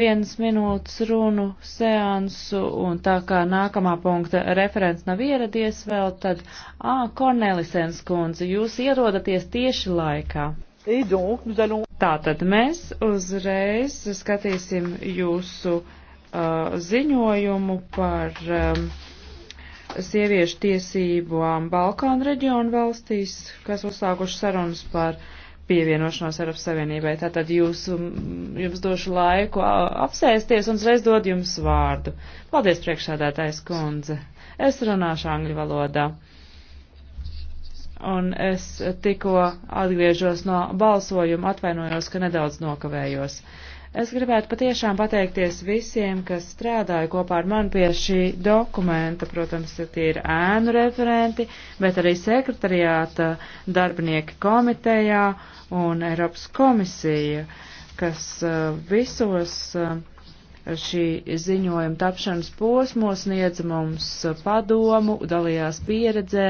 vienas minūtes runu seansu, un tā kā nākamā punkta referents nav ieradies vēl, tad, ā, Kornelisens kundze, jūs ierodaties tieši laikā. Donc, allons... Tātad mēs uzreiz skatīsim jūsu uh, ziņojumu par um, sieviešu tiesībām Balkānu reģionu valstīs, kas uzsākuši sarunas par pievienošanos Eiropas Savienībai. Tātad jūs, um, jums došu laiku apsēsties un uzreiz dod jums vārdu. Paldies, priekšsādātājs kundze. Es runāšu angļu valodā un es tikko atgriežos no balsojuma, atvainojos, ka nedaudz nokavējos. Es gribētu patiešām pateikties visiem, kas strādāja kopā ar mani pie šī dokumenta. Protams, tie ir ēnu referenti, bet arī sekretariāta darbinieki komitejā un Eiropas komisija, kas uh, visos uh, šī ziņojuma tapšanas posmos niedz mums uh, padomu, dalījās pieredzē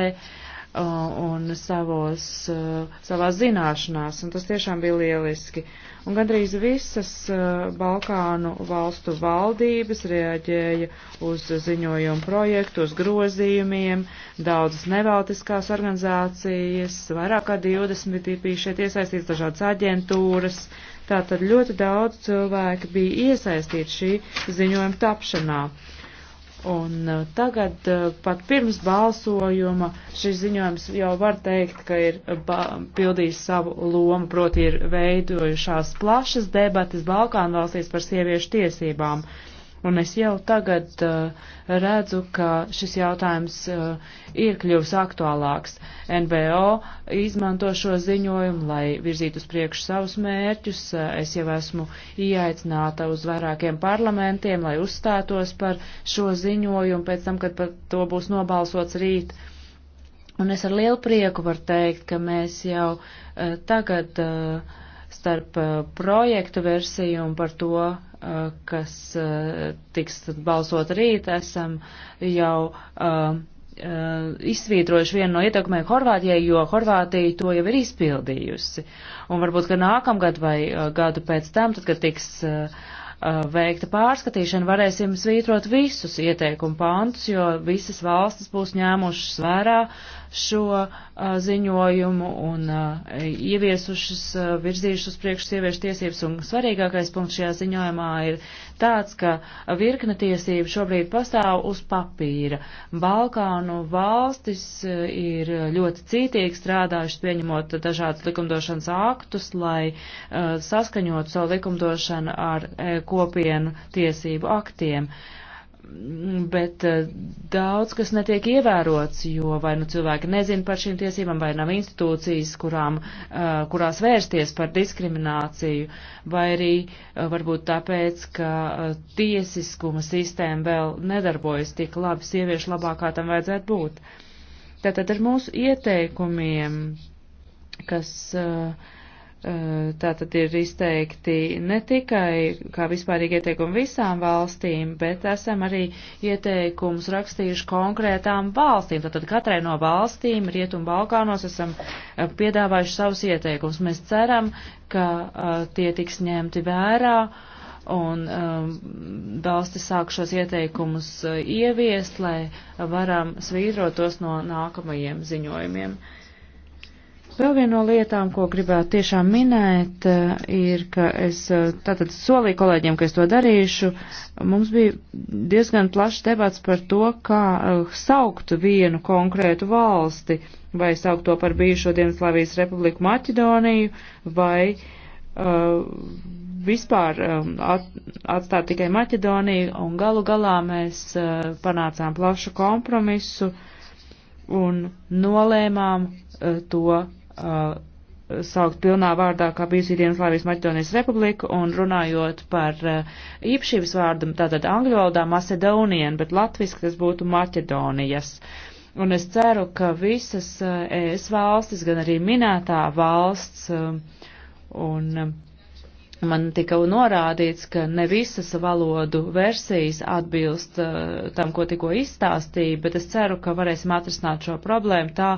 Uh, un savos, uh, savā zināšanās, un tas tiešām bija lieliski. Un gandrīz visas uh, Balkānu valstu valdības reaģēja uz ziņojumu projektu, uz grozījumiem, daudzas nevaltiskās organizācijas, vairāk kā 20 bija šeit iesaistīts dažādas aģentūras, tātad ļoti daudz cilvēki bija iesaistīti šī ziņojuma tapšanā. Uh, Un uh, tagad uh, pat pirms balsojuma šis ziņojums jau var teikt, ka ir uh, pildījis savu lomu, proti ir veidojušās plašas debatas Balkānu valstīs par sieviešu tiesībām. Uh, Un es jau tagad uh, redzu, ka šis jautājums uh, ir kļuvis aktuālāks. NVO izmanto šo ziņojumu, lai virzītu uz priekšu savus mērķus. Uh, es jau esmu ieaicināta uz vairākiem parlamentiem, lai uzstātos par šo ziņojumu pēc tam, kad par to būs nobalsots rīt. Un es ar lielu prieku varu teikt, ka mēs jau uh, tagad. Uh, starp eh, projektu versiju un par to, eh, kas eh, tiks balsot rīt, esam jau izsvītrojuši vienu no ieteikumiem Horvātijai, jo Horvātija to jau ir izpildījusi. Un varbūt, ka nākamgad vai gadu pēc tam, tad, kad tiks veikta pārskatīšana, varēsim svītrot visus ieteikumu pāntus, jo visas valstis būs ņēmušas vērā šo ziņojumu un ieviesušas, virzījušas priekš sieviešu tiesības. Un svarīgākais punkts šajā ziņojumā ir tāds, ka virkne tiesību šobrīd pastāv uz papīra. Balkānu valstis ir ļoti cītīgi strādājušas pieņemot dažādus likumdošanas aktus, lai saskaņotu savu likumdošanu ar e, kopienu tiesību aktiem. Uh, bet eh, daudz kas netiek ievērots, jo vai nu cilvēki nezin par šīm tiesībām, vai nav institūcijas, kurām, eh, kurās vērsties par diskrimināciju, vai arī eh, varbūt tāpēc, ka tiesiskuma sistēma vēl nedarbojas tik labi sieviešu labā, kā tam vajadzētu būt. Tātad ar mūsu ieteikumiem, kas uh, Eh, Tā tad ir izteikti ne tikai kā vispārīgi ieteikumi visām valstīm, bet esam arī ieteikumus rakstījuši konkrētām valstīm. Tātad katrai no valstīm Rietumu Balkānos esam eh, piedāvājuši savus ieteikumus. Mēs ceram, ka uh, tie tiks ņemti vērā un um, valsti sāk šos ieteikumus uh, ieviest, lai varam svītrot tos no nākamajiem ziņojumiem. Uh, Vēl viena no lietām, ko gribētu tiešām minēt, eh, ir, ka es eh, tātad solīju kolēģiem, ka es to darīšu. Mums bija diezgan plašs debats par to, kā eh, saukt vienu konkrētu valsti, vai saukt to par bijušo Dienaslavijas republiku Maķedoniju, vai uh, vispār at, atstāt tikai Maķedoniju, un galu galā mēs uh, panācām plašu kompromisu un nolēmām uh, to uh, saukt pilnā vārdā kā bijusi Dienaslāvijas Maķedonijas republika un runājot par uh, īpašības vārdu, tātad angļu valodā Macedonien, bet latviski tas būtu Maķedonijas. Un es ceru, ka visas uh, ES valstis, gan arī minētā valsts uh, un Man tika norādīts, ka ne visas valodu versijas atbilst uh, tam, ko tikko izstāstīju, bet es ceru, ka varēsim atrisināt šo problēmu tā,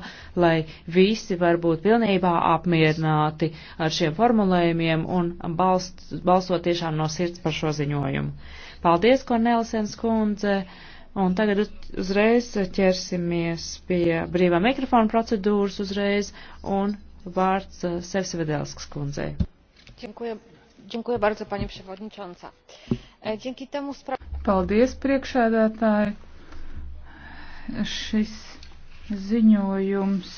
lai visi var būt pilnībā apmierināti ar šiem formulējumiem un balst, balsot tiešām no sirds par šo ziņojumu. Paldies, Kornelisens kundze! Un tagad uzreiz ķersimies pie brīvā mikrofona procedūras uzreiz un vārds eh, Sevsevedelskas kundzei. Dziękuję E, Paldies, priekšēdētāji. Šis ziņojums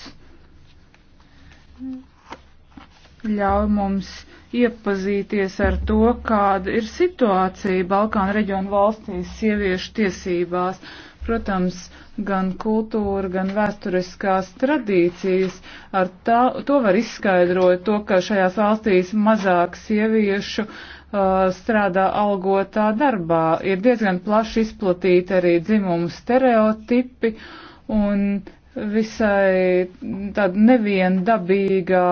ļauj mums iepazīties ar to, kāda ir situācija Balkānu reģionu valstīs sieviešu tiesībās. Protams, gan kultūra, gan vēsturiskās tradīcijas, ar tā, to var izskaidrot to, ka šajās valstīs mazāk sieviešu uh, strādā algotā darbā. Ir diezgan plaši izplatīti arī dzimumu stereotipi un visai tāda neviendabīgā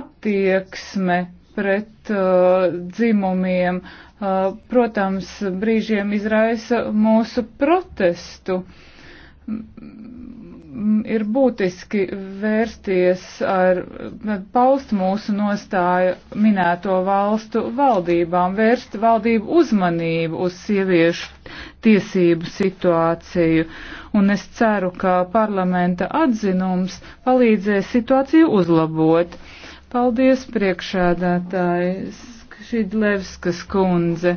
attieksme pret uh, dzimumiem. Uh, Uh, protams, brīžiem izraisa mūsu protestu. Mm, mm, ir būtiski vērsties ar, mm, paust mūsu nostāju minēto valstu valdībām, vērst valdību uzmanību uz sieviešu tiesību situāciju. Un es ceru, ka parlamenta atzinums palīdzēs situāciju uzlabot. Paldies, priekšēdētājs! Šidlevskas kundze.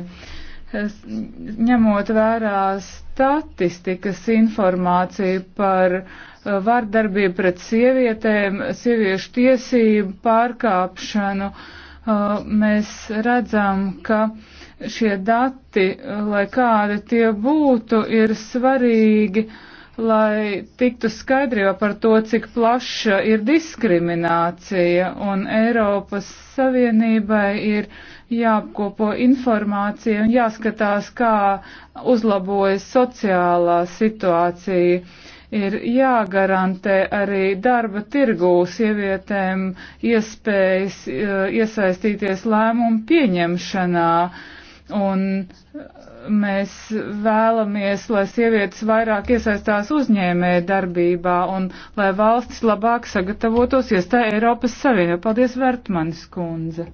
Es, ņemot vērā statistikas informāciju par uh, vardarbību pret sievietēm, sieviešu tiesību pārkāpšanu, uh, mēs redzam, ka šie dati, lai kādi tie būtu, ir svarīgi lai tiktu skaidrībā par to, cik plaša ir diskriminācija, un Eiropas Savienībai ir jāapkopo informācija un jāskatās, kā uzlabojas sociālā situācija. Ir jāgarantē arī darba tirgū sievietēm iespējas uh, iesaistīties lēmumu pieņemšanā. Uh, Un mēs vēlamies, lai sievietes vairāk iesaistās uzņēmē darbībā un lai valstis labāk sagatavotos iestāja Eiropas Savienībā. Paldies, Vertmanis kundze!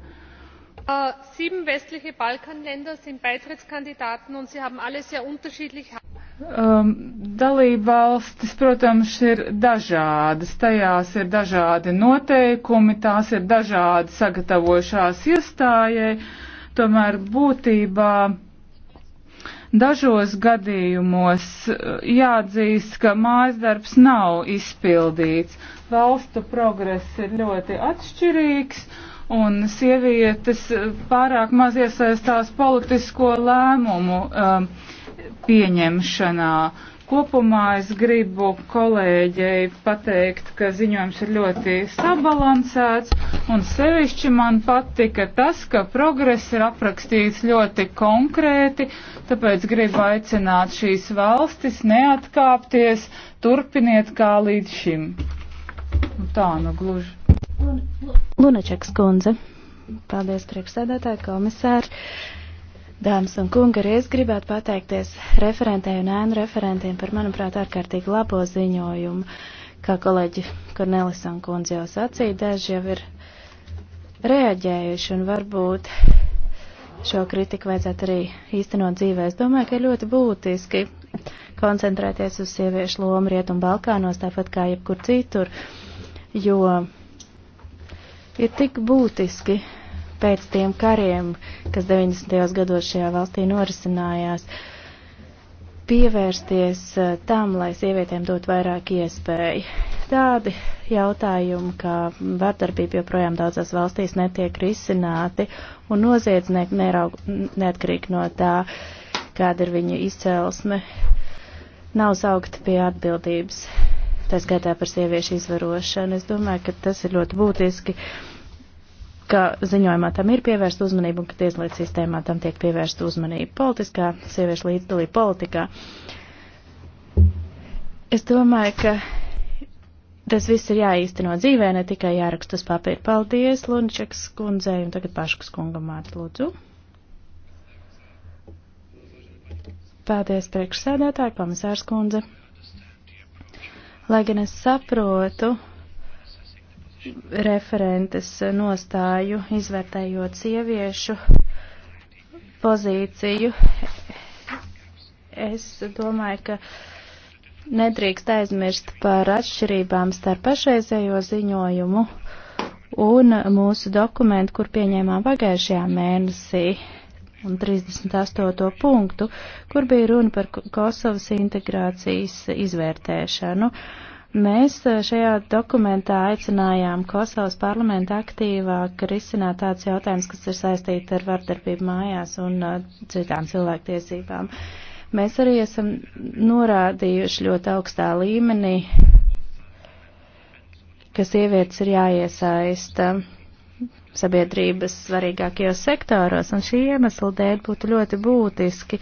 Äh, sieben westliche balkanländer sind beitrittskandidaten und sie haben alle sehr unterschiedlich Um, dalībvalstis, protams, ir dažādas, tajās ir dažādi noteikumi, tās ir dažādi sagatavošās iestājai. Uh, Tomēr būtībā dažos gadījumos eh, jāatzīst, ka mājas darbs nav izpildīts. Valstu progress ir ļoti atšķirīgs un sievietes pārāk maz iesaistās politisko lēmumu um, pieņemšanā. Uh, Kopumā es gribu kolēģei pateikt, ka ziņojums ir ļoti sabalansēts, un sevišķi man patika tas, ka progress ir aprakstīts ļoti konkrēti, tāpēc gribu aicināt šīs valstis neatkāpties, turpiniet kā līdz šim. Nu, tā nu gluži. Lunačeks kundze. Paldies, priekšsēdētāji, komisāri. Dāmas un kungi, arī es gribētu pateikties referentēju un ēnu referentiem par, manuprāt, ārkārtīgi labo ziņojumu. Kā kolēģi Kornelisan kundze jau sacīja, daži jau ir reaģējuši un varbūt šo kritiku vajadzētu arī īstenot dzīvē. Es domāju, ka ļoti būtiski koncentrēties uz sieviešu lomu Rietumu Balkānos, tāpat kā jebkur citur, jo ir tik būtiski pēc tiem kariem, kas 90. gados šajā valstī norisinājās, pievērsties eh, tam, lai sievietēm dot vairāk iespēju. Tādi jautājumi, kā vardarbība joprojām daudzās valstīs netiek risināti, un noziedznieki neraug, neatkarīgi no tā, kāda ir viņa izcelsme, nav saukti pie atbildības. Tā skaitā par sieviešu izvarošanu. Es domāju, ka tas ir ļoti būtiski. Uh, ka ziņojumā tam ir pievērsta uzmanība un ka tieslietu sistēmā tam tiek pievērsta uzmanība politiskā sieviešu līdzdalība politikā. Es domāju, ka tas viss ir jāīsteno dzīvē, ne tikai jāraksta uz papīra. Paldies, Lunčeks kundzei, un tagad paškas kungam vārds lūdzu. Paldies, priekšsēdētāji, komisārs kundze. Lai gan es saprotu, referentes nostāju, izvērtējot sieviešu pozīciju. Es domāju, ka nedrīkst aizmirst par atšķirībām starp pašreizējo ziņojumu un mūsu dokumentu, kur pieņēmām pagājušajā mēnesī un 38. punktu, kur bija runa par Kosovas integrācijas izvērtēšanu. Uh, Mēs eh, šajā dokumentā aicinājām Kosovas parlamentu aktīvāk risināt tāds jautājums, kas ir saistīti ar vardarbību mājās un eh, citām cilvēktiesībām. Mēs arī esam norādījuši ļoti augstā līmenī, ka sievietes ir jāiesaista sabiedrības svarīgākajos sektoros, un šī iemesla dēļ būtu ļoti būtiski,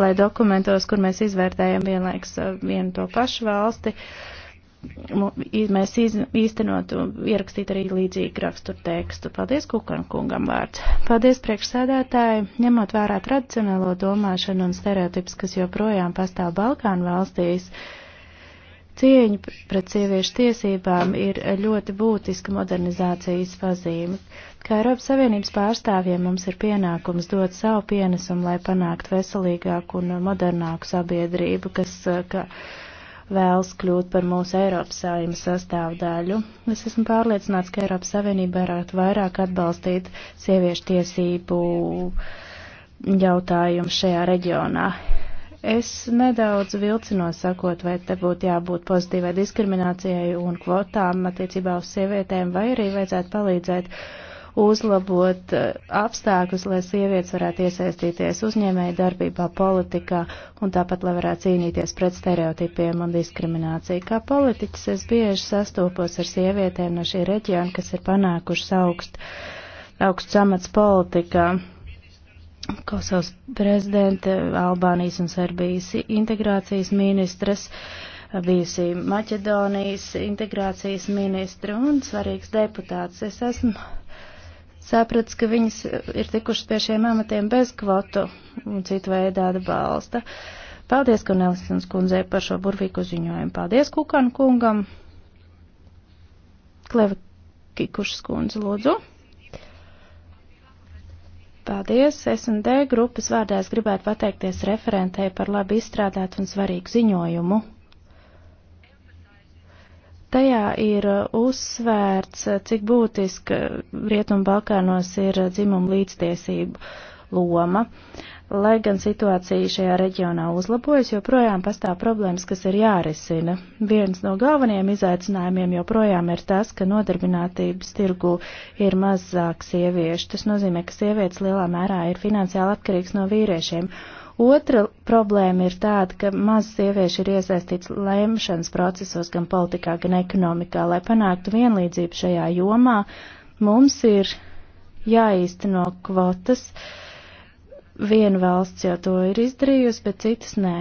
lai dokumentos, kur mēs izvērtējam vienlaiks eh, vienu to pašu valsti, uh, mēs īstenotu ierakstīt arī līdzīgu raksturu tekstu. Paldies Kukan kungam vārds. Paldies priekšsēdētāji, ņemot vērā tradicionālo domāšanu un stereotips, kas joprojām pastāv Balkānu valstīs. Cieņa pret sieviešu tiesībām ir ļoti būtiska modernizācijas pazīme. Kā Eiropas Savienības pārstāvjiem mums ir pienākums dot savu pienesumu, lai panāktu veselīgāku un modernāku sabiedrību, kas, ka, uh, vēlas kļūt par mūsu Eiropas Savienības sastāvdaļu. Es esmu pārliecināts, ka Eiropas Savienība varētu vairāk atbalstīt sieviešu tiesību jautājumu šajā reģionā. Es nedaudz vilcinos sakot, vai te būtu jābūt pozitīvai diskriminācijai un kvotām attiecībā uz sievietēm, vai arī vajadzētu palīdzēt uh, uzlabot eh, apstākļus, lai sievietes varētu iesaistīties uzņēmēju darbībā, politikā un tāpat, lai varētu cīnīties pret stereotipiem un diskrimināciju. Kā politiķis es bieži sastopos ar sievietēm no šī reģiona, kas ir panākušas augst, augsts amats politikā. Kosovas prezidenta, Albānijas un Serbijas integrācijas ministres, bijusi Maķedonijas integrācijas ministra un svarīgs deputāts. Es esmu saprats, ka viņas ir tikušas pie šiem amatiem bez kvotu un citu veidu atbalsta. Paldies, Kornelisons kundzē, par šo burvīgu ziņojumu. Paldies, Kukan kungam. Kleva Kikušas kundze, lūdzu. Paldies, S&D grupas vārdā es gribētu pateikties referentei par labi izstrādātu un svarīgu ziņojumu. Tajā ir uh, uzsvērts, uh, cik būtiska Rietumu Balkānos ir uh, dzimuma līdztiesību loma. Lai gan situācija šajā reģionā uzlabojas, joprojām pastāv problēmas, kas ir jārisina. Viens no galvenajiem izaicinājumiem joprojām ir tas, ka nodarbinātības tirgu ir mazāk sieviešu. Tas nozīmē, ka sievietes lielā mērā ir finansiāli atkarīgs no vīriešiem Otra problēma ir tāda, ka maz sievieši ir iesaistīts lēmšanas procesos gan politikā, gan ekonomikā. Lai panāktu vienlīdzību šajā jomā, mums ir jāīsteno kvotas. Viena valsts jau to ir izdarījusi, bet citas nē.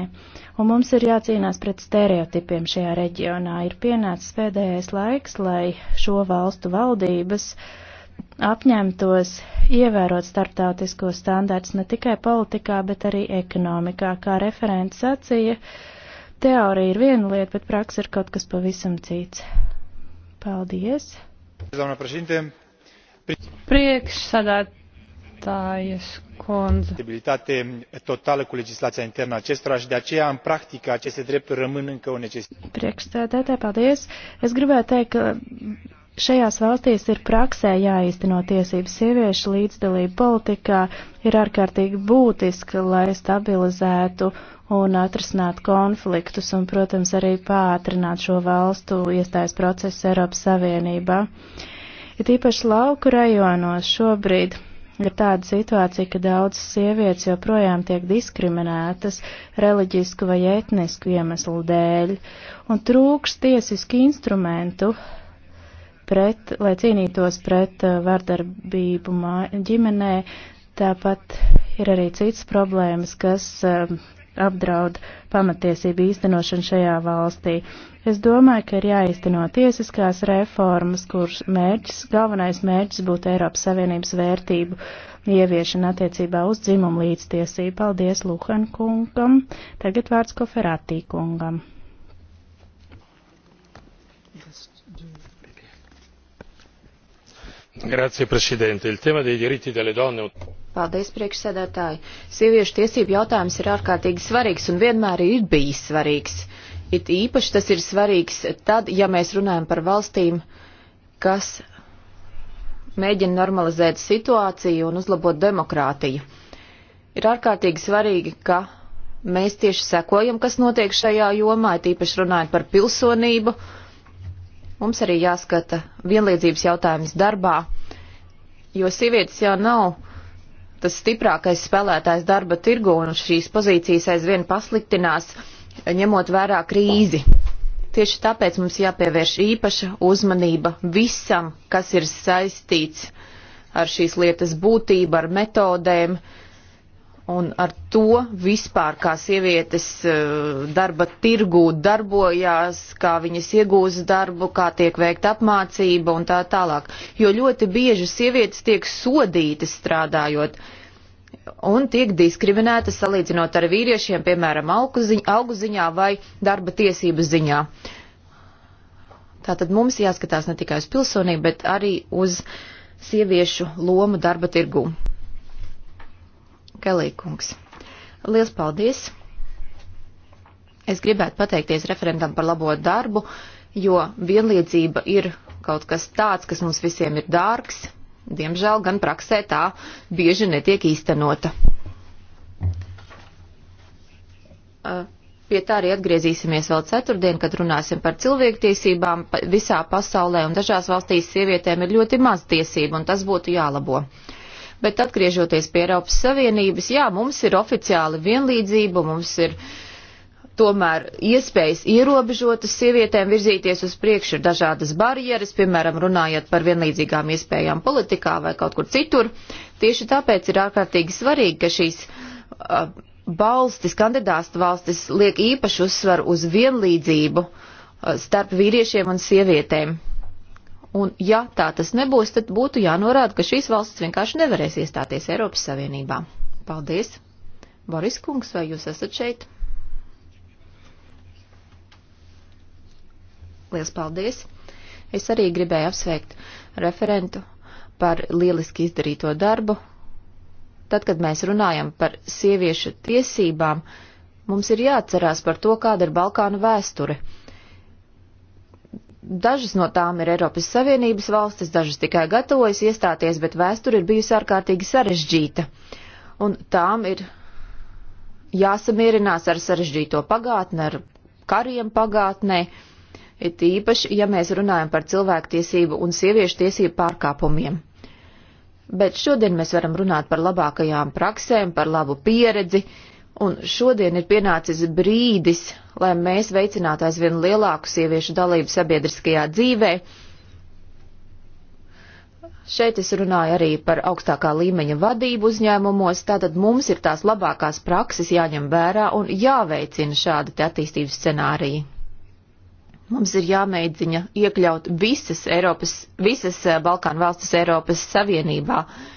Un mums ir jācīnās pret stereotipiem šajā reģionā. Ir pienācis pēdējais laiks, lai šo valstu valdības uh, apņemtos ievērot starptautisko standārts ne tikai politikā, bet arī ekonomikā. Kā referents sacīja, teorija ir viena lieta, bet praksa ir kaut kas pavisam cits. Paldies! Priekšsādātājas kundze. Stabilitate totală cu legislația internă acestora și de aceea în practică aceste drepturi rămân încă o necesitate. Priekšsādātāja, paldies! Es gribēju teikt, ka Šajās valstīs ir praksē jāīsteno tiesības sieviešu līdzdalība politikā, ir ārkārtīgi būtiska, lai stabilizētu un atrisinātu konfliktus un, protams, arī pātrinātu šo valstu iestājas procesu Eiropas Savienībā. Ir ja īpaši lauku rajonos šobrīd ir tāda situācija, ka daudzas sievietes joprojām tiek diskriminētas reliģisku vai etnisku iemeslu dēļ, un trūks tiesisku instrumentu, pret, lai cīnītos pret uh, vardarbību ģimenē. Tāpat ir arī citas problēmas, kas um, apdraud pamatiesību īstenošanu šajā valstī. Es domāju, ka ir jāīsteno tiesiskās reformas, kuras mērķis, galvenais mērķis būtu Eiropas Savienības vērtību ieviešana attiecībā uz dzimumu līdztiesību. Paldies Luhan kungam, tagad vārds Koferatī kungam. Grazie, prezidente. Il tema dei diritti delle donne. Paldies, priekšsēdētāji. Sieviešu tiesību jautājums ir ārkārtīgi svarīgs un vienmēr ir bijis svarīgs. It īpaši tas ir svarīgs tad, ja mēs runājam par valstīm, kas mēģina normalizēt situāciju un uzlabot demokrātiju. Ir ārkārtīgi svarīgi, ka mēs tieši sekojam, kas notiek šajā jomā, it īpaši runājot par pilsonību Mums arī jāskata vienlīdzības jautājums darbā, jo sievietes jau nav tas stiprākais spēlētājs darba tirgu, un šīs pozīcijas aizvien pasliktinās, ņemot vērā krīzi. Tieši tāpēc mums jāpievērš īpaša uzmanība visam, kas ir saistīts ar šīs lietas būtību, ar metodēm, uh, Un ar to vispār, kā sievietes eh, darba tirgū darbojās, kā viņas iegūst darbu, kā tiek veikta apmācība un tā tālāk. Jo ļoti bieži sievietes tiek sodītas strādājot un tiek diskriminētas salīdzinot ar vīriešiem, piemēram, algu ziņā vai darba tiesības ziņā. Tātad mums jāskatās ne tikai uz pilsonību, bet arī uz sieviešu lomu darba tirgū. Galīkungs. Liels paldies! Es gribētu pateikties referentam par labo darbu, jo vienlīdzība ir kaut kas tāds, kas mums visiem ir dārgs. Diemžēl gan praksē tā bieži netiek īstenota. Pie tā arī atgriezīsimies vēl ceturtdien, kad runāsim par cilvēktiesībām visā pasaulē, un dažās valstīs sievietēm ir ļoti maz tiesību, un tas būtu jālabo. Uh, Bet atgriežoties pie Eiropas Savienības, jā, mums ir oficiāli vienlīdzība, mums ir tomēr iespējas ierobežotas sievietēm virzīties uz priekšu, ir dažādas barjeras, piemēram, runājot par vienlīdzīgām iespējām politikā vai kaut kur citur. Tieši tāpēc ir ārkārtīgi svarīgi, ka šīs uh, valstis, kandidāstu valstis liek īpašu uzsvaru uz vienlīdzību uh, starp vīriešiem un sievietēm. Un ja tā tas nebūs, tad būtu jānorāda, ka šīs valstis vienkārši nevarēs iestāties Eiropas Savienībā. Paldies! Boris Kungs, vai jūs esat šeit? Liels paldies! Es arī gribēju apsveikt referentu par lieliski izdarīto darbu. Tad, kad mēs runājam par sieviešu tiesībām, mums ir jāatcerās par to, kāda ir Balkānu vēsture. Dažas no tām ir Eiropas Savienības valstis, dažas tikai gatavojas iestāties, bet vēsture ir bijusi ārkārtīgi sarežģīta. Un tām ir jāsamierinās ar sarežģīto pagātni, ar kariem pagātnē, it īpaši, ja mēs runājam par cilvēktiesību un sieviešu tiesību pārkāpumiem. Bet šodien mēs varam runāt par labākajām praksēm, par labu pieredzi, uh, Un šodien ir pienācis brīdis, lai mēs veicinātu aizvien lielāku sieviešu dalību sabiedriskajā dzīvē. Šeit es runāju arī par augstākā līmeņa vadību uzņēmumos, tātad mums ir tās labākās prakses jāņem vērā un jāveicina šādi te attīstības scenāriji. Mums ir jāmēģina iekļaut visas Eiropas, visas eh, Balkānu valstis Eiropas Savienībā. Uh,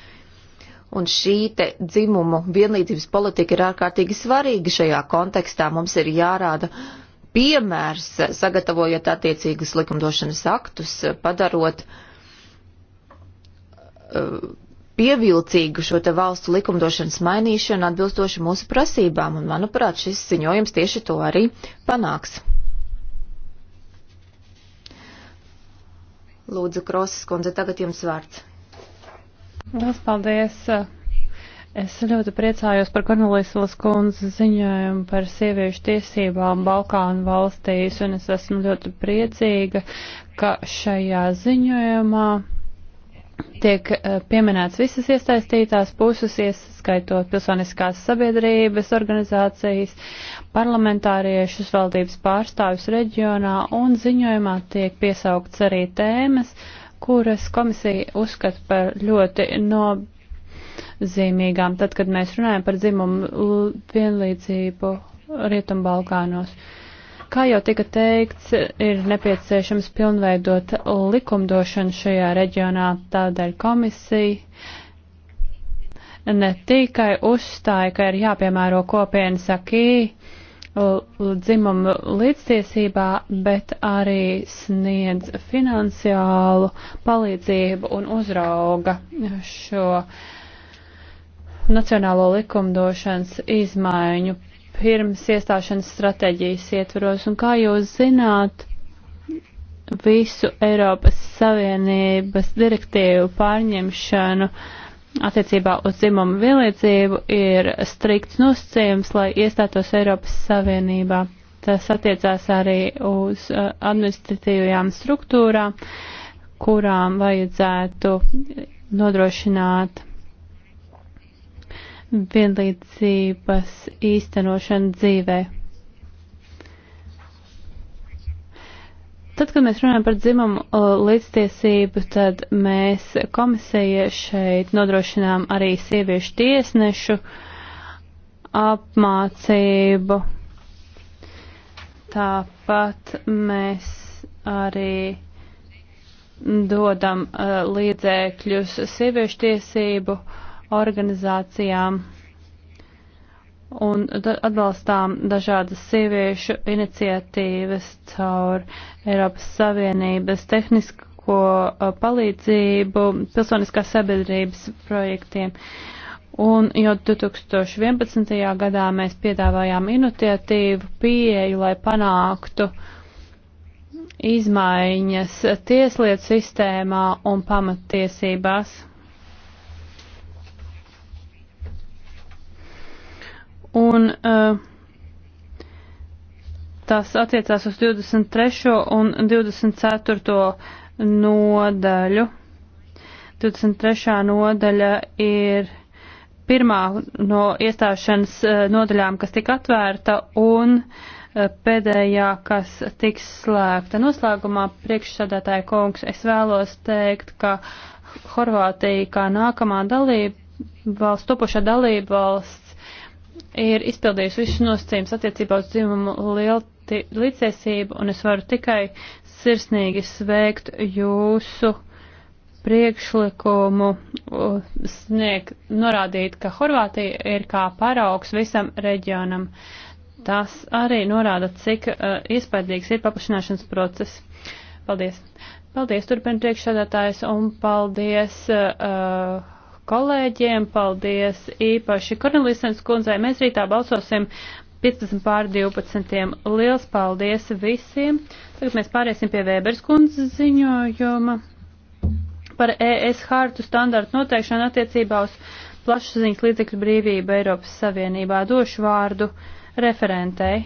Un šī te dzimumu vienlīdzības politika ir ārkārtīgi svarīga šajā kontekstā. Mums ir jārāda piemērs, sagatavojot attiecīgus likumdošanas aktus, padarot uh, pievilcīgu šo te valstu likumdošanas mainīšanu atbilstoši mūsu prasībām. Un, manuprāt, šis ziņojums tieši to arī panāks. Lūdzu, Krosas kundze, tagad jums vārds. Lielas paldies! Es ļoti priecājos par Kornelīsas kundzes ziņojumu par sieviešu tiesībām Balkānu valstīs, un es esmu ļoti priecīga, ka šajā ziņojumā tiek eh, pieminēts visas iesaistītās puses, ieskaitot pilsoniskās sabiedrības organizācijas, parlamentāriešus, valdības pārstāvjus reģionā, un ziņojumā tiek piesaukts arī tēmas, uh, kuras komisija uzskata par ļoti nozīmīgām, tad, kad mēs runājam par dzimumu vienlīdzību Rietumbalkānos. Kā jau tika teikts, ir nepieciešams pilnveidot likumdošanu šajā reģionā, tādēļ komisija ne tikai uzstāja, ka ir jāpiemēro kopienas akī, Uh, dzimumu līdztiesībā, bet arī sniedz finansiālu palīdzību un uzrauga šo nacionālo likumdošanas izmaiņu pirms iestāšanas stratēģijas ietvaros. Un kā jūs zināt, visu Eiropas Savienības direktīvu pārņemšanu uh, attiecībā uz dzimumu vienlīdzību ir strikts nosacījums, lai iestātos Eiropas Savienībā. Tas attiecās arī uz uh, administratīvajām struktūrām, kurām vajadzētu nodrošināt vienlīdzības īstenošanu dzīvē. Tad, kad mēs runājam par dzimumu līdztiesību, tad mēs komisija šeit nodrošinām arī sieviešu tiesnešu apmācību. Tāpat mēs arī dodam uh, līdzēkļus sieviešu tiesību organizācijām un atbalstām dažādas sieviešu iniciatīvas caur Eiropas Savienības tehnisko palīdzību pilsoniskās sabiedrības projektiem. Un jau 2011. gadā mēs piedāvājām iniciatīvu pieeju, lai panāktu izmaiņas tieslietu sistēmā un pamattiesībās. un uh, tas attiecās uz 23. un 24. nodaļu. 23. nodaļa ir pirmā no iestāšanas eh, nodaļām, kas tika atvērta, un eh, pēdējā, kas tiks slēgta. Noslēgumā priekšsādātāja kungs, es vēlos teikt, ka Horvātija kā nākamā dalība valsts, topošā dalība valsts, ir izpildījusi visus nosacījumus attiecībā uz dzimumu līdztiesību, un es varu tikai sirsnīgi sveikt jūsu priekšlikumu sniegt, norādīt, ka Horvātija ir kā paraugs visam reģionam. Tas arī norāda, cik uh, iespaidīgs ir paplašināšanas process. Paldies! Paldies, turpin priekšsēdētājs, un paldies! Uh, kolēģiem, paldies īpaši Kornelisens kundzei. Mēs rītā balsosim 15 pār 12. Liels paldies visiem. Tagad mēs pāriesim pie Vēbers kundzes ziņojuma par ES hārtu standartu noteikšanu attiecībā uz plašsaziņas līdzekļu brīvību Eiropas Savienībā. Došu vārdu referentei.